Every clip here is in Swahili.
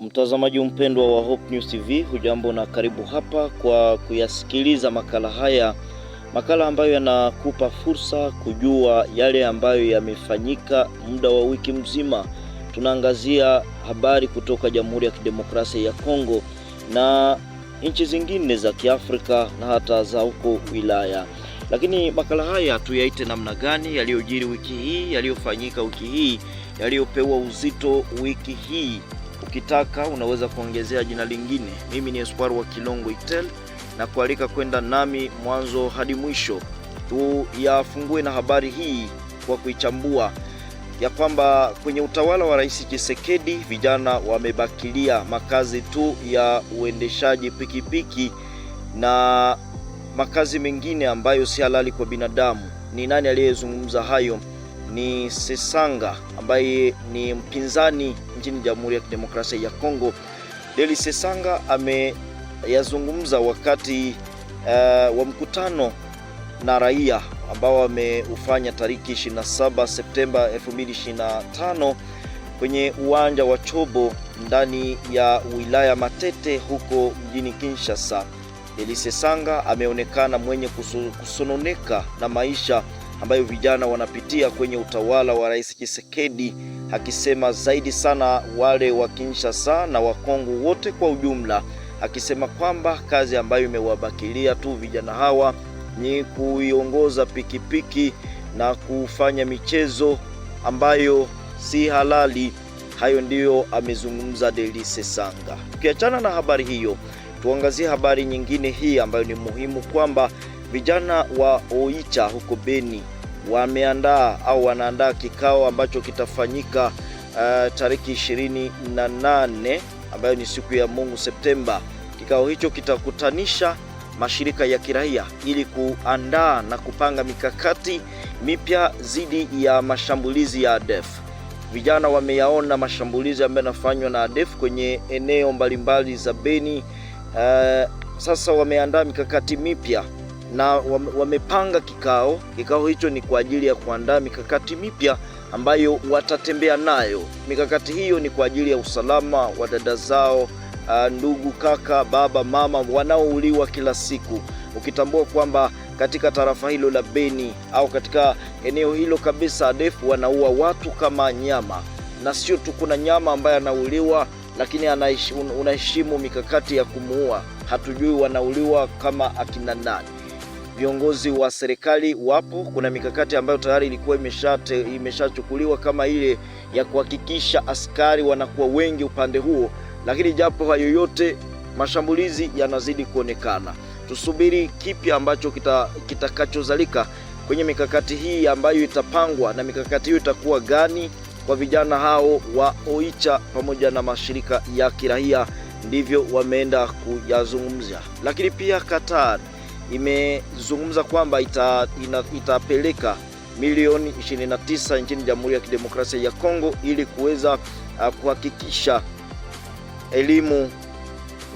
Mtazamaji mpendwa wa Hope News TV, hujambo na karibu hapa kwa kuyasikiliza makala haya, makala ambayo yanakupa fursa kujua yale ambayo yamefanyika muda wa wiki mzima. Tunaangazia habari kutoka Jamhuri ya Kidemokrasia ya Kongo na nchi zingine za Kiafrika na hata za huko wilaya. Lakini makala haya tuyaite namna gani? Yaliyojiri wiki hii, yaliyofanyika wiki hii, yaliyopewa uzito wiki hii Ukitaka unaweza kuongezea jina lingine. Mimi ni Espoir wa Kilongo Itel na kualika kwenda nami mwanzo hadi mwisho. Tuyafungue na habari hii kwa kuichambua ya kwamba kwenye utawala wa Rais Tshisekedi vijana wamebakilia makazi tu ya uendeshaji pikipiki na makazi mengine ambayo si halali kwa binadamu. Ni nani aliyezungumza hayo? ni Sesanga ambaye ni mpinzani nchini Jamhuri ya Kidemokrasia ya Kongo. Deli Sesanga ameyazungumza wakati uh, wa mkutano na raia ambao wameufanya tariki 27 Septemba 2025 kwenye uwanja wa Chobo ndani ya wilaya Matete huko mjini Kinshasa. Deli Sesanga ameonekana mwenye kusononeka na maisha ambayo vijana wanapitia kwenye utawala wa Rais Tshisekedi, akisema zaidi sana wale wa Kinshasa na Wakongo wote kwa ujumla, akisema kwamba kazi ambayo imewabakilia tu vijana hawa ni kuiongoza pikipiki na kufanya michezo ambayo si halali. Hayo ndiyo amezungumza Delice Sanga. Tukiachana na habari hiyo, tuangazie habari nyingine hii ambayo ni muhimu kwamba Vijana wa Oicha huko Beni wameandaa au wanaandaa kikao ambacho kitafanyika uh, tariki ishirini na nane ambayo ni siku ya Mungu Septemba. Kikao hicho kitakutanisha mashirika ya kiraia ili kuandaa na kupanga mikakati mipya dhidi ya mashambulizi ya ADF. Vijana wameyaona mashambulizi ambayo yanafanywa na ADF kwenye eneo mbalimbali za Beni. Uh, sasa wameandaa mikakati mipya na wamepanga kikao. Kikao hicho ni kwa ajili ya kuandaa mikakati mipya ambayo watatembea nayo. Mikakati hiyo ni kwa ajili ya usalama wa dada zao, uh, ndugu, kaka, baba, mama wanaouliwa kila siku, ukitambua kwamba katika tarafa hilo la Beni au katika eneo hilo kabisa Adefu wanaua watu kama nyama, na sio tu kuna nyama ambaye anauliwa, lakini anaheshimu unaheshimu mikakati ya kumuua. Hatujui wanauliwa kama akina nani viongozi wa serikali wapo. Kuna mikakati ambayo tayari ilikuwa imeshate, imeshachukuliwa kama ile ya kuhakikisha askari wanakuwa wengi upande huo, lakini japo hayo yote mashambulizi yanazidi kuonekana. Tusubiri kipi ambacho kitakachozalika kita kwenye mikakati hii ambayo itapangwa, na mikakati hiyo itakuwa gani kwa vijana hao wa Oicha pamoja na mashirika ya kiraia, ndivyo wameenda kuyazungumza. Lakini pia Katari imezungumza kwamba ita, ina, itapeleka milioni 29 nchini Jamhuri ya Kidemokrasia ya Kongo ili kuweza ah, kuhakikisha elimu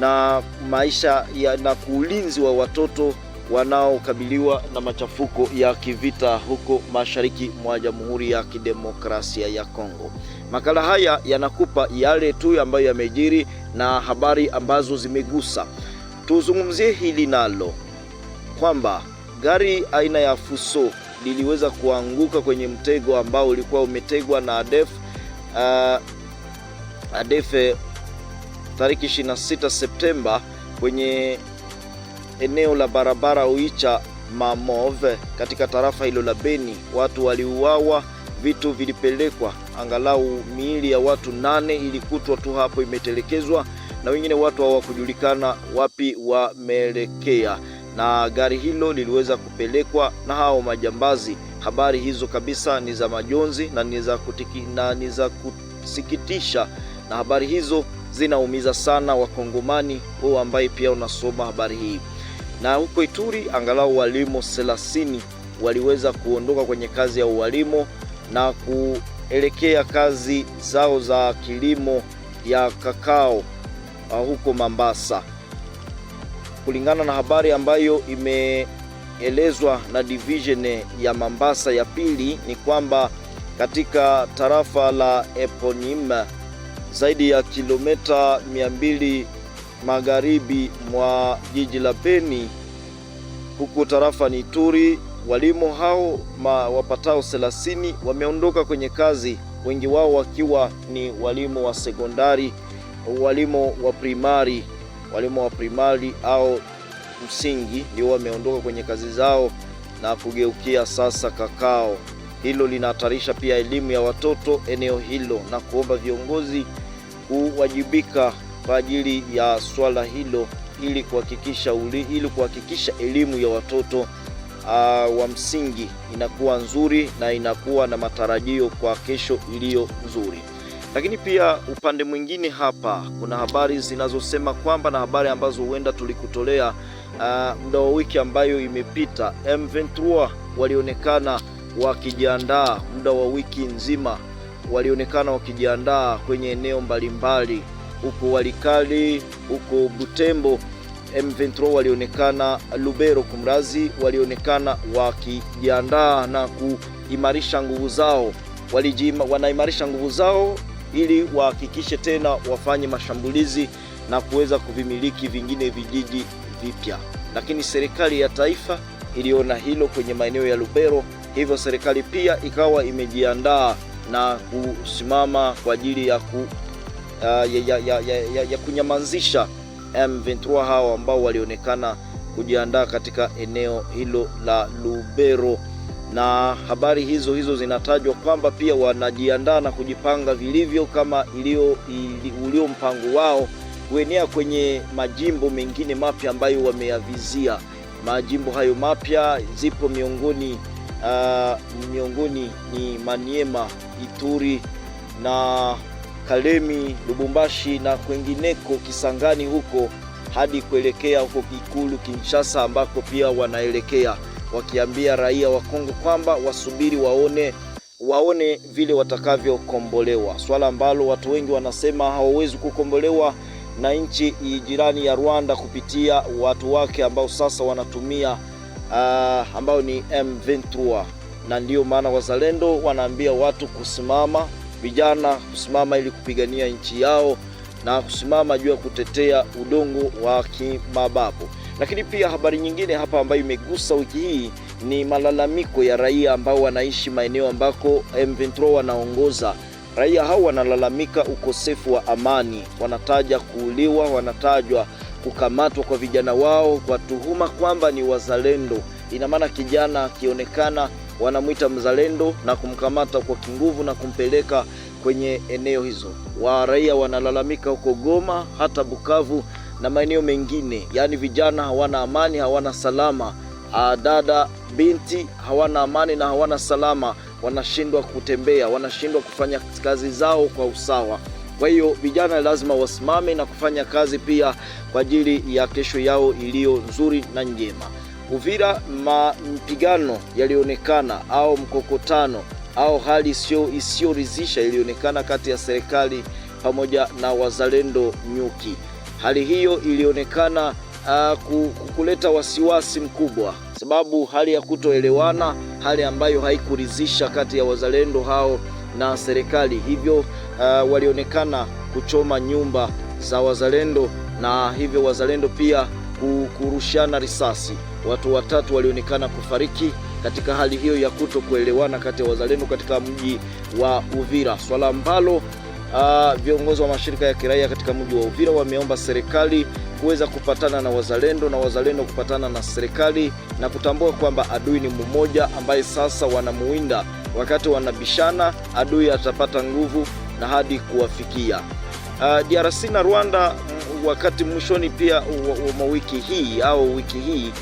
na maisha ya, na ulinzi wa watoto wanaokabiliwa na machafuko ya kivita huko mashariki mwa Jamhuri ya Kidemokrasia ya Kongo. Makala haya yanakupa yale tu ambayo yamejiri na habari ambazo zimegusa. Tuzungumzie hili nalo kwamba gari aina ya Fuso liliweza kuanguka kwenye mtego ambao ulikuwa umetegwa na ADF uh, ADF eh, tarehe 26 Septemba kwenye eneo la barabara Uicha Mamove katika tarafa hilo la Beni. Watu waliuawa, vitu vilipelekwa. Angalau miili ya watu nane ilikutwa tu hapo imetelekezwa, na wengine watu hawakujulikana wapi wameelekea na gari hilo liliweza kupelekwa na hao majambazi. Habari hizo kabisa ni za majonzi na ni za kutiki, na ni za kusikitisha, na habari hizo zinaumiza sana Wakongomani wao ambaye pia unasoma habari hii. Na huko Ituri angalau walimu 30 waliweza kuondoka kwenye kazi ya ualimu na kuelekea kazi zao za kilimo ya kakao uh, huko Mambasa kulingana na habari ambayo imeelezwa na division ya Mambasa ya pili ni kwamba katika tarafa la Eponim zaidi ya kilomita 200 magharibi mwa jiji la Beni huku tarafa ni Ituri, walimu hao ma wapatao 30 wameondoka kwenye kazi, wengi wao wakiwa ni walimu wa sekondari, walimu wa primari walimu wa primari au msingi ndio wameondoka kwenye kazi zao na kugeukia sasa kakao. Hilo linahatarisha pia elimu ya watoto eneo hilo na kuomba viongozi kuwajibika kwa ajili ya swala hilo ili kuhakikisha ili kuhakikisha elimu ya watoto uh, wa msingi inakuwa nzuri na inakuwa na matarajio kwa kesho iliyo nzuri. Lakini pia upande mwingine hapa kuna habari zinazosema kwamba na habari ambazo huenda tulikutolea uh, muda wa wiki ambayo imepita, M23 walionekana wakijiandaa muda wa wiki nzima, walionekana wakijiandaa kwenye eneo mbalimbali huko Walikali, huko Butembo. M23 walionekana Lubero, kumrazi, walionekana wakijiandaa na kuimarisha nguvu zao, walijima, wanaimarisha nguvu zao ili wahakikishe tena wafanye mashambulizi na kuweza kuvimiliki vingine vijiji vipya, lakini serikali ya taifa iliona hilo kwenye maeneo ya Lubero, hivyo serikali pia ikawa imejiandaa na kusimama kwa ajili ya, ku, uh, ya, ya, ya, ya, ya kunyamanzisha M23 hao ambao walionekana kujiandaa katika eneo hilo la Lubero na habari hizo hizo zinatajwa kwamba pia wanajiandaa na kujipanga vilivyo kama ilio ulio mpango wao kuenea kwenye majimbo mengine mapya ambayo wameyavizia. Majimbo hayo mapya zipo miongoni uh, miongoni ni Maniema, Ituri na Kalemi, Lubumbashi na kwengineko Kisangani huko hadi kuelekea huko Ikulu Kinshasa ambako pia wanaelekea wakiambia raia wa Kongo kwamba wasubiri waone waone vile watakavyokombolewa, swala ambalo watu wengi wanasema hawawezi kukombolewa na nchi jirani ya Rwanda kupitia watu wake ambao sasa wanatumia uh, ambao ni M23, na ndiyo maana wazalendo wanaambia watu kusimama, vijana kusimama ili kupigania nchi yao na kusimama juu ya kutetea udongo wa kimababu. Lakini pia habari nyingine hapa ambayo imegusa wiki hii ni malalamiko ya raia ambao wanaishi maeneo ambako M23 wanaongoza. Raia hao wanalalamika ukosefu wa amani, wanataja kuuliwa, wanatajwa kukamatwa kwa vijana wao kwa tuhuma kwamba ni wazalendo. Ina maana kijana akionekana wanamwita mzalendo na kumkamata kwa kinguvu na kumpeleka kwenye eneo hizo. wa raia wanalalamika huko Goma hata Bukavu na maeneo mengine, yaani vijana hawana amani, hawana salama. A, ah, dada binti hawana amani na hawana salama, wanashindwa kutembea, wanashindwa kufanya kazi zao kwa usawa. Kwa hiyo vijana lazima wasimame na kufanya kazi pia kwa ajili ya kesho yao iliyo nzuri na njema. Uvira, mapigano yalionekana au mkokotano au hali isiyoridhisha ilionekana kati ya serikali pamoja na wazalendo nyuki hali hiyo ilionekana uh, kuleta wasiwasi mkubwa, sababu hali ya kutoelewana, hali ambayo haikuridhisha kati ya wazalendo hao na serikali, hivyo uh, walionekana kuchoma nyumba za wazalendo na hivyo wazalendo pia kurushana risasi. Watu watatu walionekana kufariki katika hali hiyo ya kutokuelewana kati ya wazalendo katika mji wa Uvira, swala ambalo uh, viongozi wa mashirika ya kiraia katika mji wa Uvira wameomba serikali kuweza kupatana na wazalendo na wazalendo kupatana na serikali na kutambua kwamba adui ni mmoja ambaye sasa wanamuinda. Wakati wanabishana, adui atapata nguvu na hadi kuwafikia uh, ah, DRC na Rwanda. Mm, wakati mwishoni pia mwa wiki hii au wiki hii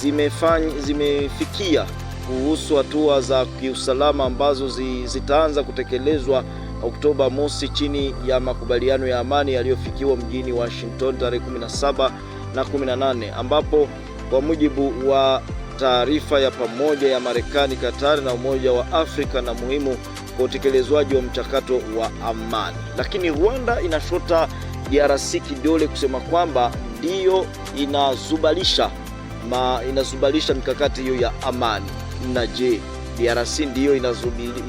zimefanya zimefikia kuhusu hatua za kiusalama ambazo zitaanza kutekelezwa Oktoba mosi chini ya makubaliano ya amani yaliyofikiwa mjini Washington tarehe 17 na 18 ambapo kwa mujibu wa taarifa ya pamoja ya Marekani, Katari na Umoja wa Afrika na muhimu kwa utekelezwaji wa mchakato wa amani. Lakini Rwanda inashota DRC kidole kusema kwamba ndiyo inazubalisha ma inazubalisha mikakati hiyo ya amani. Na je, DRC ndiyo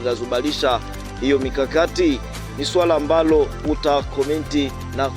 inazubalisha hiyo mikakati, ni swala ambalo utakomenti na